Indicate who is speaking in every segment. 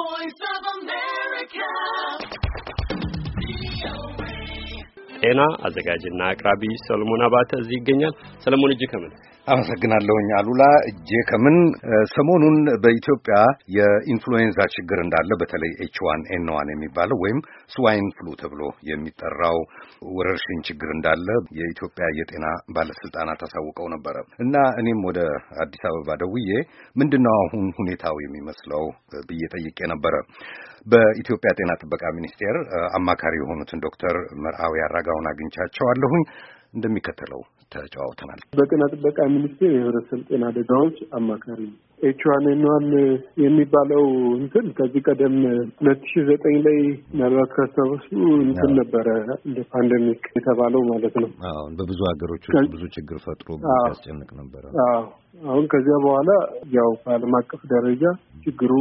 Speaker 1: Voice of America.
Speaker 2: ጤና አዘጋጅና አቅራቢ ሰለሞን አባተ እዚህ ይገኛል። ሰለሞን እጅ ከምን
Speaker 1: አመሰግናለሁኝ። አሉላ እጄ ከምን ሰሞኑን በኢትዮጵያ የኢንፍሉዌንዛ ችግር እንዳለ በተለይ ኤች ዋን ኤን ዋን የሚባለው ወይም ስዋይን ፍሉ ተብሎ የሚጠራው ወረርሽኝ ችግር እንዳለ የኢትዮጵያ የጤና ባለስልጣናት አሳውቀው ነበረ እና እኔም ወደ አዲስ አበባ ደውዬ ምንድነው አሁን ሁኔታው የሚመስለው ብዬ ጠይቄ ነበረ። በኢትዮጵያ ጤና ጥበቃ ሚኒስቴር አማካሪ የሆኑትን ዶክተር መርአዊ አራጋውን አግኝቻቸዋለሁኝ። እንደሚከተለው ተጨዋውተናል።
Speaker 2: በጤና ጥበቃ ሚኒስቴር የህብረተሰብ ጤና አደጋዎች አማካሪ ኤች ዋን ኤን ዋን የሚባለው እንትን ከዚህ ቀደም ሁለት ሺ ዘጠኝ ላይ ምናልባት ካስታወሱ እንትን ነበረ እንደ ፓንደሚክ የተባለው ማለት ነው።
Speaker 1: አሁን በብዙ ሀገሮች ውስጥ ብዙ ችግር ፈጥሮ ያስጨንቅ
Speaker 2: ነበረ። አሁን ከዚያ በኋላ ያው በዓለም አቀፍ ደረጃ ችግሩ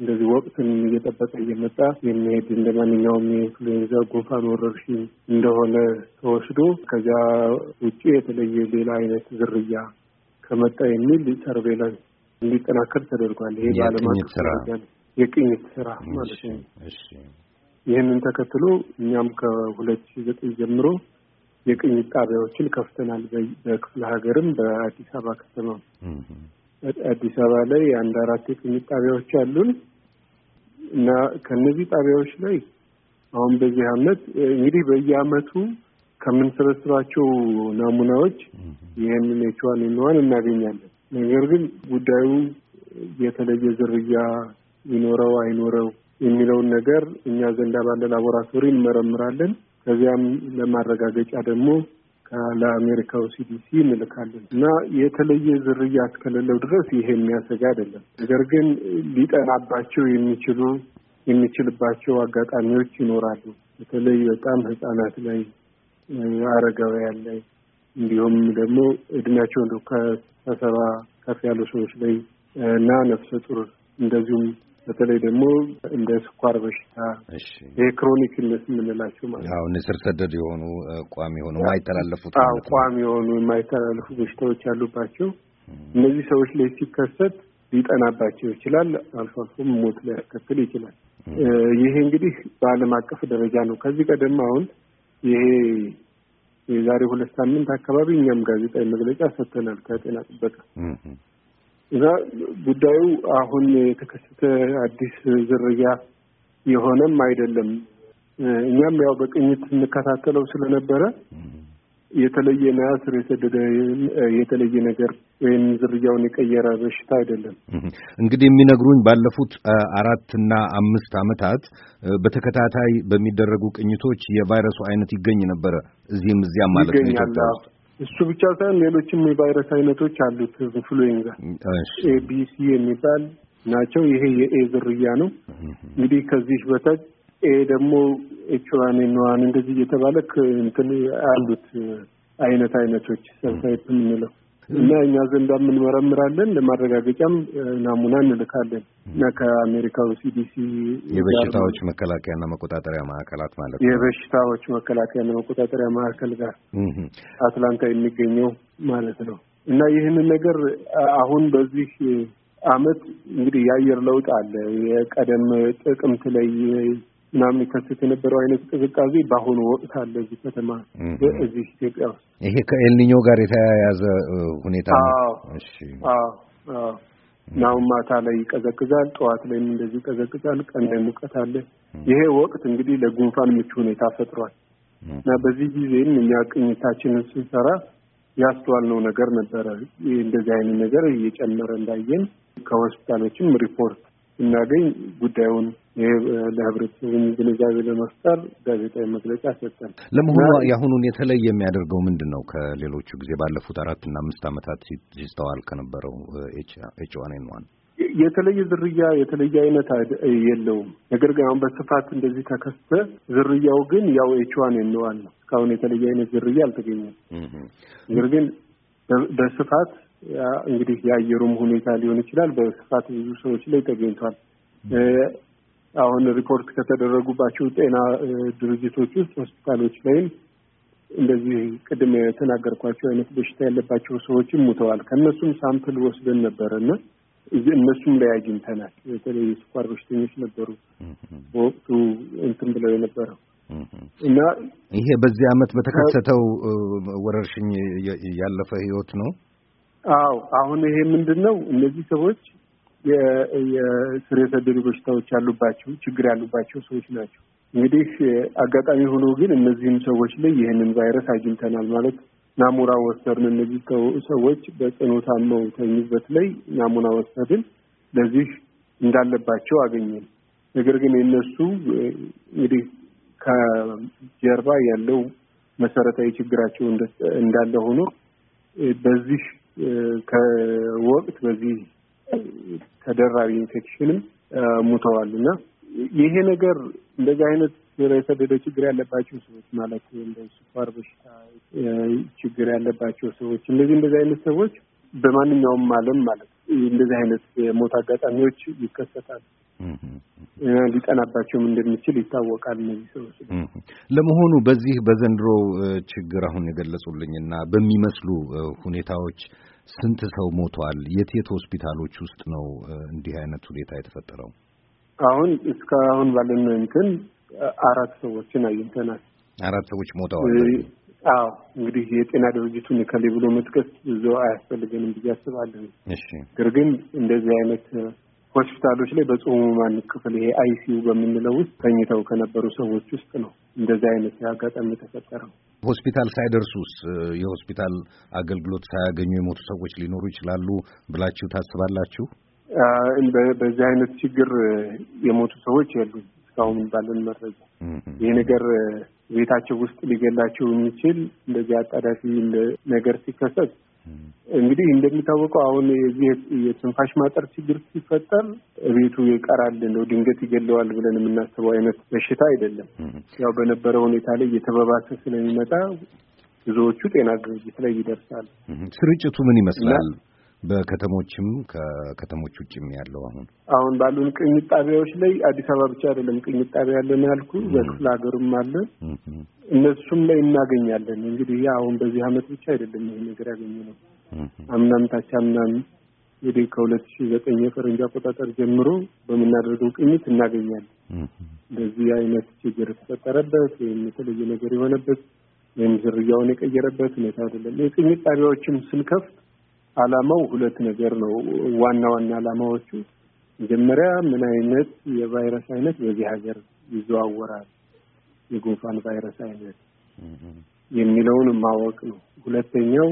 Speaker 2: እንደዚህ ወቅትን እየጠበቀ እየመጣ የሚሄድ እንደ ማንኛውም የኢንፍሉዌንዛ ጉንፋን ወረርሽኝ እንደሆነ ተወስዶ ከዚያ ውጭ የተለየ ሌላ አይነት ዝርያ ከመጣ የሚል ሰርቬላንስ እንዲጠናከር ተደርጓል። ይሄ በዓለም አቀፍ የቅኝት ስራ ማለት ነው። ይህንን ተከትሎ እኛም ከሁለት ሺ ዘጠኝ ጀምሮ የቅኝት ጣቢያዎችን ከፍተናል። በክፍለ ሀገርም በአዲስ አበባ ከተማ አዲስ አበባ ላይ አንድ አራት የቅኝት ጣቢያዎች አሉን። እና ከነዚህ ጣቢያዎች ላይ አሁን በዚህ አመት እንግዲህ በየአመቱ ከምንሰበስባቸው ናሙናዎች ይህንን ኤችዋን ይነዋን እናገኛለን። ነገር ግን ጉዳዩ የተለየ ዝርያ ይኖረው አይኖረው የሚለውን ነገር እኛ ዘንዳ ባለ ላቦራቶሪ እንመረምራለን። ከዚያም ለማረጋገጫ ደግሞ ለአሜሪካው ሲዲሲ እንልካለን እና የተለየ ዝርያ እስከሌለው ድረስ ይሄ የሚያሰጋ አይደለም። ነገር ግን ሊጠናባቸው የሚችሉ የሚችልባቸው አጋጣሚዎች ይኖራሉ። በተለይ በጣም ህጻናት ላይ፣ አረጋውያን ላይ እንዲሁም ደግሞ እድሜያቸው ከሰባ ከፍ ያሉ ሰዎች ላይ እና ነፍሰ ጡር እንደዚሁም በተለይ ደግሞ እንደ ስኳር በሽታ የክሮኒክ ነት የምንላቸው ማለት ነው።
Speaker 1: አሁን ስር ሰደድ የሆኑ ቋሚ የሆኑ የማይተላለፉት
Speaker 2: ቋሚ የሆኑ የማይተላለፉ በሽታዎች ያሉባቸው እነዚህ ሰዎች ላይ ሲከሰት ሊጠናባቸው ይችላል። አልፎ አልፎም ሞት ሊያስከትል ይችላል። ይሄ እንግዲህ በዓለም አቀፍ ደረጃ ነው። ከዚህ ቀደም አሁን ይሄ የዛሬ ሁለት ሳምንት አካባቢ እኛም ጋዜጣዊ መግለጫ ሰጥተናል ከጤና ጥበቃ እና ጉዳዩ አሁን የተከሰተ አዲስ ዝርያ የሆነም አይደለም። እኛም ያው በቅኝት እንከታተለው ስለነበረ የተለየ ናያስ የሰደደ የተለየ ነገር ወይም ዝርያውን የቀየረ በሽታ አይደለም።
Speaker 1: እንግዲህ የሚነግሩኝ ባለፉት አራትና አምስት ዓመታት በተከታታይ በሚደረጉ ቅኝቶች የቫይረሱ አይነት ይገኝ ነበረ እዚህም እዚያም ማለት ነው።
Speaker 2: እሱ ብቻ ሳይሆን ሌሎችም የቫይረስ አይነቶች አሉት። ኢንፍሉዌንዛ ኤቢሲ የሚባል ናቸው። ይሄ የኤ ዝርያ ነው። እንግዲህ ከዚህ በታች ኤ ደግሞ ኤችዋን ዋን እንደዚህ እየተባለ እንትን አሉት አይነት አይነቶች ሰብሳይት የምንለው እና እኛ ዘንዷ እንመረምራለን፣ ለማረጋገጫም ናሙና እንልካለን እና ከአሜሪካው ሲዲሲ የበሽታዎች
Speaker 1: መከላከያና መቆጣጠሪያ ማዕከላት ማለት ነው
Speaker 2: የበሽታዎች መከላከያና መቆጣጠሪያ ማዕከል ጋር አትላንታ የሚገኘው ማለት ነው እና ይህንን ነገር አሁን በዚህ አመት እንግዲህ የአየር ለውጥ አለ። የቀደም ጥቅምት ላይ ምናምን ይከሰት የነበረው አይነት ቅዝቃዜ በአሁኑ ወቅት አለ እዚህ ከተማ እዚህ ኢትዮጵያ ውስጥ
Speaker 1: ይሄ ከኤልኒኞ ጋር የተያያዘ ሁኔታ
Speaker 2: ነው። ናሁን ማታ ላይ ይቀዘቅዛል፣ ጠዋት ላይም እንደዚህ ይቀዘቅዛል፣ ቀን ላይ ሙቀት አለ። ይሄ ወቅት እንግዲህ ለጉንፋን ምቹ ሁኔታ ፈጥሯል እና በዚህ ጊዜም እኛ ቅኝታችንን ስንሰራ ያስተዋልነው ነገር ነበረ። እንደዚህ አይነት ነገር እየጨመረ እንዳየን ከሆስፒታሎችም ሪፖርት ስናገኝ ጉዳዩን ይህ ለህብረተሰቡ ግንዛቤ ለመፍጠር ጋዜጣዊ መግለጫ ሰጠን።
Speaker 1: ለመሆኑ የአሁኑን የተለየ የሚያደርገው ምንድን ነው? ከሌሎቹ ጊዜ ባለፉት አራት እና አምስት ዓመታት ሲስተዋል ከነበረው ኤች ዋን ኤን ዋን
Speaker 2: የተለየ ዝርያ የተለየ አይነት የለውም። ነገር ግን አሁን በስፋት እንደዚህ ተከስተ ዝርያው ግን ያው ኤች ዋን ኤን ዋን ነው። እስካሁን የተለየ አይነት ዝርያ አልተገኘም። ነገር ግን በስፋት እንግዲህ የአየሩም ሁኔታ ሊሆን ይችላል። በስፋት ብዙ ሰዎች ላይ ተገኝቷል። አሁን ሪፖርት ከተደረጉባቸው ጤና ድርጅቶች ውስጥ ሆስፒታሎች ላይም እንደዚህ ቅድም የተናገርኳቸው አይነት በሽታ ያለባቸው ሰዎችም ሙተዋል። ከእነሱም ሳምፕል ወስደን ነበር እና እነሱም ላይ አግኝተናል። የተለይ የስኳር በሽተኞች ነበሩ በወቅቱ እንትን ብለው የነበረው እና
Speaker 1: ይሄ በዚህ አመት በተከሰተው ወረርሽኝ ያለፈ ህይወት ነው።
Speaker 2: አዎ አሁን ይሄ ምንድን ነው እነዚህ ሰዎች የስር የሰደዱ በሽታዎች ያሉባቸው ችግር ያሉባቸው ሰዎች ናቸው። እንግዲህ አጋጣሚ ሆኖ ግን እነዚህም ሰዎች ላይ ይህንን ቫይረስ አግኝተናል ማለት ናሙና ወሰድን። እነዚህ ሰዎች በጽኑ ታመው ተኙበት ላይ ናሙና ወሰድን፣ ለዚህ እንዳለባቸው አገኘን። ነገር ግን የነሱ እንግዲህ ከጀርባ ያለው መሰረታዊ ችግራቸው እንዳለ ሆኖ በዚህ ከወቅት በዚህ ተደራቢ ኢንፌክሽንም ሙተዋል እና ይሄ ነገር እንደዚህ አይነት ስር የሰደደ ችግር ያለባቸው ሰዎች ማለት እንደ ስኳር በሽታ ችግር ያለባቸው ሰዎች እንደዚህ እንደዚህ አይነት ሰዎች በማንኛውም ዓለም ማለት እንደዚህ አይነት የሞት አጋጣሚዎች ይከሰታል። ሊጠናባቸውም እንደሚችል ይታወቃል። እነዚህ ሰዎች
Speaker 1: ለመሆኑ በዚህ በዘንድሮ ችግር አሁን የገለጹልኝና በሚመስሉ ሁኔታዎች ስንት ሰው ሞቷል? የት የት ሆስፒታሎች ውስጥ ነው እንዲህ አይነት ሁኔታ የተፈጠረው?
Speaker 2: አሁን እስካሁን ባለን እንትን አራት ሰዎችን አግኝተናል።
Speaker 1: አራት ሰዎች ሞተዋል።
Speaker 2: አዎ እንግዲህ የጤና ድርጅቱን ከሌ ብሎ መጥቀስ ብዙ አያስፈልገንም ብዬ አስባለሁ።
Speaker 1: እሺ ግን
Speaker 2: እንደዚህ አይነት ሆስፒታሎች ላይ በጽሁሙ ማን ክፍል ይሄ አይሲዩ በምንለው ውስጥ ተኝተው ከነበሩ ሰዎች ውስጥ ነው እንደዚህ አይነት አጋጣሚ የተፈጠረው።
Speaker 1: ሆስፒታል ሳይደርሱስ የሆስፒታል አገልግሎት ሳያገኙ የሞቱ ሰዎች ሊኖሩ ይችላሉ ብላችሁ ታስባላችሁ?
Speaker 2: በዚህ አይነት ችግር የሞቱ ሰዎች የሉም እስካሁን ባለን መረጃ። ይህ ነገር ቤታቸው ውስጥ ሊገላቸው የሚችል እንደዚህ አጣዳፊ ነገር ሲከሰት እንግዲህ እንደሚታወቀው አሁን የዚህ የትንፋሽ ማጠር ችግር ሲፈጠር ቤቱ ይቀራል ነው ድንገት ይገለዋል ብለን የምናስበው አይነት በሽታ አይደለም። ያው በነበረ ሁኔታ ላይ እየተበባሰ ስለሚመጣ ብዙዎቹ ጤና ድርጅት ላይ ይደርሳል።
Speaker 1: ስርጭቱ ምን ይመስላል? በከተሞችም ከከተሞች ውጭም ያለው አሁን
Speaker 2: አሁን ባሉን ቅኝት ጣቢያዎች ላይ አዲስ አበባ ብቻ አይደለም ቅኝት ጣቢያ ያለን ያልኩ በክፍለ ሀገርም አለ። እነሱም ላይ እናገኛለን። እንግዲህ ያ አሁን በዚህ አመት ብቻ አይደለም ይሄ ነገር ያገኘ ነው። አምናም ታች አምናም እንግዲህ ከሁለት ሺ ዘጠኝ የፈረንጅ አቆጣጠር ጀምሮ በምናደርገው ቅኝት እናገኛለን። እንደዚህ አይነት ችግር የተፈጠረበት ወይም የተለየ ነገር የሆነበት ወይም ዝርያውን የቀየረበት ሁኔታ አይደለም። የቅኝት ጣቢያዎችም ስንከፍት አላማው ሁለት ነገር ነው። ዋና ዋና አላማዎቹ መጀመሪያ ምን አይነት የቫይረስ አይነት በዚህ ሀገር ይዘዋወራል፣ የጉንፋን ቫይረስ አይነት የሚለውን ማወቅ ነው። ሁለተኛው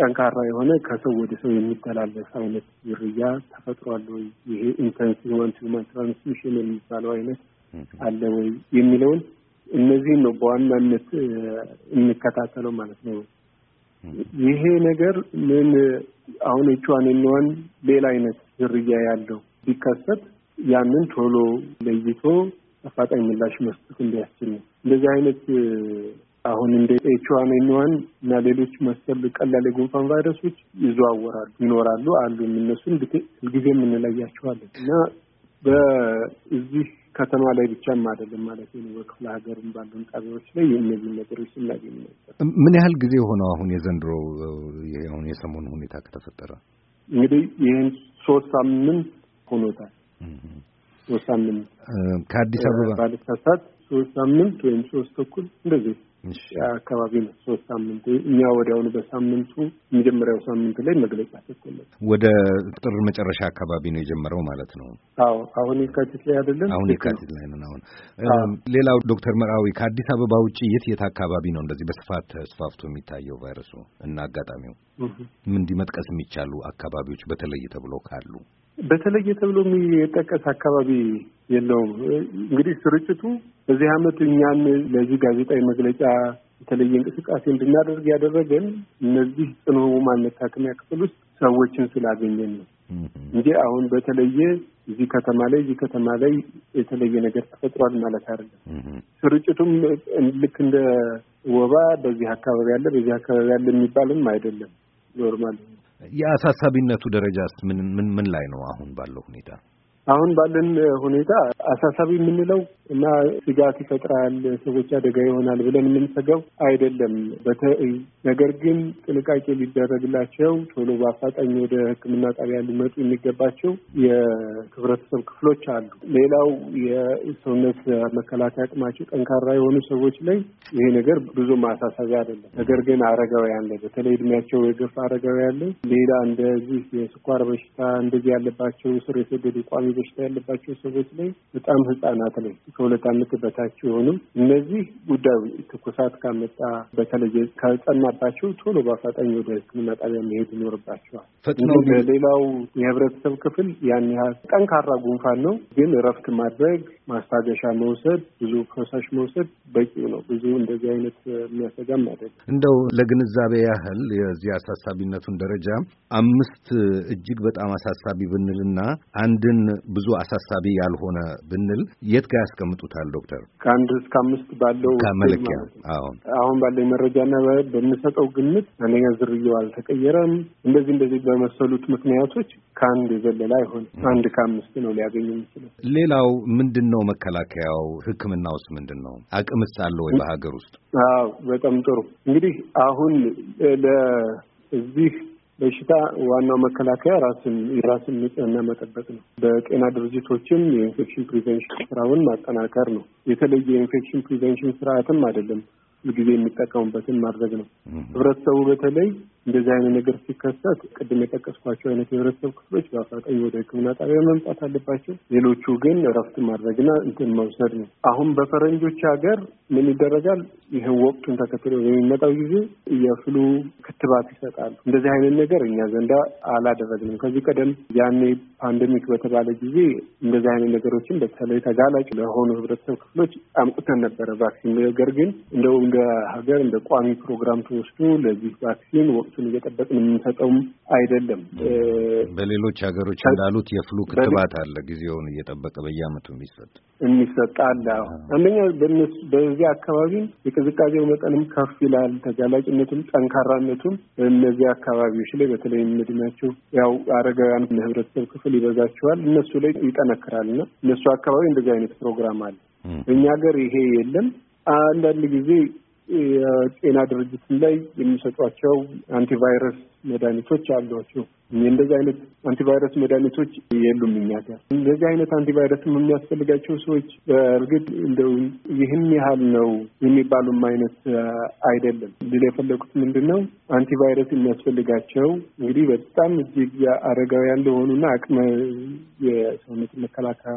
Speaker 2: ጠንካራ የሆነ ከሰው ወደ ሰው የሚተላለፍ አይነት ዝርያ ተፈጥሯል ወይ፣ ይሄ ኢንተንስ ሂውማን ሂውማን ትራንስሚሽን የሚባለው አይነት አለ ወይ የሚለውን እነዚህን ነው በዋናነት እንከታተለው ማለት ነው። ይሄ ነገር ምን አሁን እቿን እንሆን ሌላ አይነት ዝርያ ያለው ቢከሰት ያንን ቶሎ ለይቶ አፋጣኝ ምላሽ መስጠት እንዲያስችል ነው። እንደዚህ አይነት አሁን እንደ ኤችዋን ኤንዋን እና ሌሎች መሰል ቀላል የጉንፋን ቫይረሶች ይዘዋወራሉ፣ ይኖራሉ፣ አሉ። እነሱን ሁልጊዜ የምንለያቸዋለን እና በዚህ ከተማ ላይ ብቻም አይደለም ማለት ነው። በክፍለ ሀገርም ባሉን ጣቢያዎች ላይ የእነዚህ ነገሮች ስናገኝ
Speaker 1: ነበር። ምን ያህል ጊዜ ሆነው አሁን የዘንድሮ አሁን የሰሞኑ ሁኔታ ከተፈጠረ
Speaker 2: እንግዲህ ይህን ሶስት ሳምንት ሆኖታል። ሶስት ሳምንት ከአዲስ አበባ ባለሳሳት ሶስት ሳምንት ወይም ሶስት ተኩል እንደዚህ አካባቢ ነው ሶስት ሳምንት እኛ ወዲያውኑ በሳምንቱ የመጀመሪያው ሳምንት ላይ መግለጫ ሰጥቶለት
Speaker 1: ወደ ጥር መጨረሻ አካባቢ ነው የጀመረው ማለት ነው።
Speaker 2: አዎ አሁን የካቲት ላይ አይደለም፣ አሁን የካቲት ላይ ነን። አሁን
Speaker 1: ሌላው ዶክተር መርአዊ ከአዲስ አበባ ውጭ የት የት አካባቢ ነው እንደዚህ በስፋት ተስፋፍቶ የሚታየው ቫይረሱ እና አጋጣሚው ምን እንዲመጥቀስ የሚቻሉ አካባቢዎች በተለይ ተብሎ ካሉ
Speaker 2: በተለየ ተብሎ የሚጠቀስ አካባቢ የለውም። እንግዲህ ስርጭቱ በዚህ ዓመት እኛን ለዚህ ጋዜጣዊ መግለጫ የተለየ እንቅስቃሴ እንድናደርግ ያደረገን እነዚህ ጽኑ ህሙማን መታከሚያ ክፍል ውስጥ ሰዎችን ስላገኘን ነው እንጂ አሁን በተለየ እዚህ ከተማ ላይ እዚህ ከተማ ላይ የተለየ ነገር ተፈጥሯል ማለት አይደለም። ስርጭቱም ልክ እንደ ወባ በዚህ አካባቢ ያለ በዚህ አካባቢ ያለ የሚባልም አይደለም ኖርማል
Speaker 1: የአሳሳቢነቱ ደረጃስ ምን ምን ላይ ነው? አሁን ባለው ሁኔታ
Speaker 2: አሁን ባለን ሁኔታ አሳሳቢ የምንለው እና ስጋት ይፈጥራል፣ ሰዎች አደጋ ይሆናል ብለን የምንሰጋው አይደለም። ነገር ግን ጥንቃቄ ሊደረግላቸው ቶሎ በአፋጣኝ ወደ ሕክምና ጣቢያ ሊመጡ የሚገባቸው የህብረተሰብ ክፍሎች አሉ። ሌላው የሰውነት መከላከያ አቅማቸው ጠንካራ የሆኑ ሰዎች ላይ ይሄ ነገር ብዙ ማሳሰቢያ አይደለም። ነገር ግን አረጋውያን ላይ በተለይ እድሜያቸው የገፋ አረጋውያን ላይ ሌላ እንደዚህ የስኳር በሽታ እንደዚህ ያለባቸው ስር የሰደዱ ቋሚ በሽታ ያለባቸው ሰዎች ላይ በጣም ህጻናት ላይ ከሁለት ዓመት በታች የሆኑ እነዚህ ጉዳዩ ትኩሳት ካመጣ በተለየ ከጸናባቸው ቶሎ በአፋጣኝ ወደ ሕክምና ጣቢያ መሄድ ይኖርባቸዋል። ሌላው የህብረተሰብ ክፍል ያን ያህል ጠንካራ ጉንፋን ነው፣ ግን እረፍት ማድረግ፣ ማስታገሻ መውሰድ፣ ብዙ ፈሳሽ መውሰድ በቂ ነው። ብዙ እንደዚህ አይነት የሚያሰጋም አይደለም።
Speaker 1: እንደው ለግንዛቤ ያህል የዚህ አሳሳቢነቱን ደረጃ አምስት እጅግ በጣም አሳሳቢ ብንልና አንድን ብዙ አሳሳቢ ያልሆነ ብንል የት ጋር ያስቀምጡታል ዶክተር?
Speaker 2: ከአንድ እስከ አምስት ባለው መለኪያ። አሁን ባለኝ መረጃና በምሰጠው ግምት አንደኛ ዝርያው አልተቀየረም፣ እንደዚህ እንደዚህ በመሰሉት ምክንያቶች ከአንድ የዘለለ አይሆንም። አንድ ከአምስት ነው ሊያገኙ የሚችለው።
Speaker 1: ሌላው ምንድን ነው መከላከያው? ውስጥ ምንድን ነው? አቅምስ አለ ወይ በሀገር ውስጥ?
Speaker 2: አዎ በጣም ጥሩ እንግዲህ አሁን ለዚህ በሽታ ዋናው መከላከያ ራስን የራስን ንጽህና መጠበቅ ነው። በጤና ድርጅቶችም የኢንፌክሽን ፕሪቨንሽን ስራውን ማጠናከር ነው። የተለየ የኢንፌክሽን ፕሪቨንሽን ስርዓትም አይደለም። ጊዜ የሚጠቀሙበትን ማድረግ ነው። ህብረተሰቡ በተለይ እንደዚህ አይነት ነገር ሲከሰት ቅድም የጠቀስኳቸው አይነት የህብረተሰብ ክፍሎች በአፋጣኝ ወደ ሕክምና ጣቢያ መምጣት አለባቸው። ሌሎቹ ግን እረፍት ማድረግና እንትን መውሰድ ነው። አሁን በፈረንጆች ሀገር ምን ይደረጋል? ይህን ወቅቱን ተከትሎ በሚመጣው ጊዜ የፍሉ ክትባት ይሰጣሉ። እንደዚህ አይነት ነገር እኛ ዘንዳ አላደረግንም። ከዚህ ቀደም ያኔ ፓንደሚክ በተባለ ጊዜ እንደዚህ አይነት ነገሮችን በተለይ ተጋላጭ ለሆኑ ህብረተሰብ ክፍሎች አምጥተን ነበረ ቫክሲን ነገር ግን እንደው እንደ ሀገር እንደ ቋሚ ፕሮግራም ተወስዶ ለዚህ ቫክሲን ወቅቱን እየጠበቅን የምንሰጠውም አይደለም።
Speaker 1: በሌሎች ሀገሮች እንዳሉት የፍሉ ክትባት አለ፣ ጊዜውን እየጠበቀ በየአመቱ የሚሰጥ
Speaker 2: የሚሰጥ አለ። አንደኛ በዚህ አካባቢም የቅዝቃዜው መጠንም ከፍ ይላል። ተጋላጭነቱም ጠንካራነቱም እነዚህ አካባቢዎች ላይ በተለይ የምድሜያቸው ያው አረጋውያን ህብረተሰብ ክፍል ይበዛቸዋል። እነሱ ላይ ይጠነክራል እና እነሱ አካባቢ እንደዚህ አይነት ፕሮግራም አለ። እኛ ሀገር ይሄ የለም። አንዳንድ ጊዜ የጤና ድርጅት ላይ የሚሰጧቸው አንቲቫይረስ መድኃኒቶች አሏቸው። እንደዚህ አይነት አንቲቫይረስ መድኃኒቶች የሉም እኛ ጋር። እንደዚህ አይነት አንቲቫይረስም የሚያስፈልጋቸው ሰዎች እርግጥ እንደው ይህን ያህል ነው የሚባሉም አይነት አይደለም። ድል የፈለጉት ምንድን ነው አንቲቫይረስ የሚያስፈልጋቸው እንግዲህ በጣም እጅግ አረጋውያን ለሆኑና አቅመ የሰውነት መከላከያ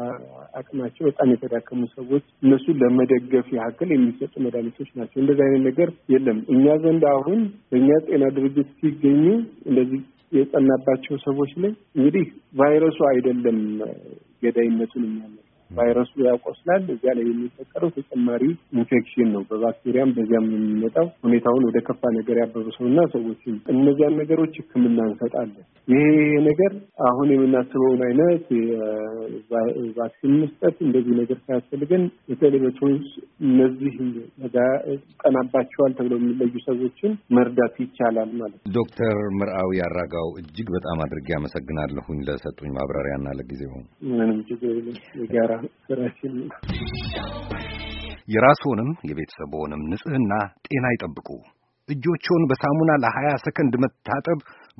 Speaker 2: አቅማቸው በጣም የተዳከሙ ሰዎች እነሱ ለመደገፍ ያህል የሚሰጡ መድኃኒቶች ናቸው። እንደዚህ አይነት ነገር የለም እኛ ዘንድ አሁን በእኛ ጤና ድርጅት ሲገኙ እንደዚህ የጸናባቸው ሰዎች ላይ እንግዲህ ቫይረሱ አይደለም ገዳይነቱን የሚያመ ቫይረሱ ያቆስላል። እዚያ ላይ የሚፈጠረው ተጨማሪ ኢንፌክሽን ነው። በባክቴሪያም በዚያም የሚመጣው ሁኔታውን ወደ ከፋ ነገር ያበሩ ሰውና ሰዎችን እነዚያን ነገሮች ሕክምና እንሰጣለን። ይሄ ነገር አሁን የምናስበውን አይነት ቫክሲን መስጠት እንደዚህ ነገር ሳያስፈልገን በተለይ በቶንስ እነዚህ ቀናባቸዋል ተብለው የሚለዩ ሰዎችን መርዳት ይቻላል ማለት
Speaker 1: ነው። ዶክተር ምርአዊ አራጋው እጅግ በጣም አድርጌ አመሰግናለሁኝ ለሰጡኝ ማብራሪያና ለጊዜው
Speaker 2: ምንም እጅግ የጋራ ስራችን።
Speaker 1: የራስዎንም የቤተሰቦንም ንጽህና ጤና ይጠብቁ። እጆችዎን በሳሙና ለሀያ ሰከንድ መታጠብ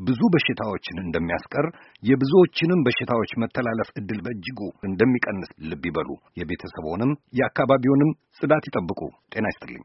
Speaker 1: ብዙ በሽታዎችን እንደሚያስቀር የብዙዎችንም በሽታዎች መተላለፍ እድል በእጅጉ እንደሚቀንስ ልብ ይበሉ። የቤተሰቦንም የአካባቢውንም ጽዳት ይጠብቁ። ጤና ይስጥልኝ።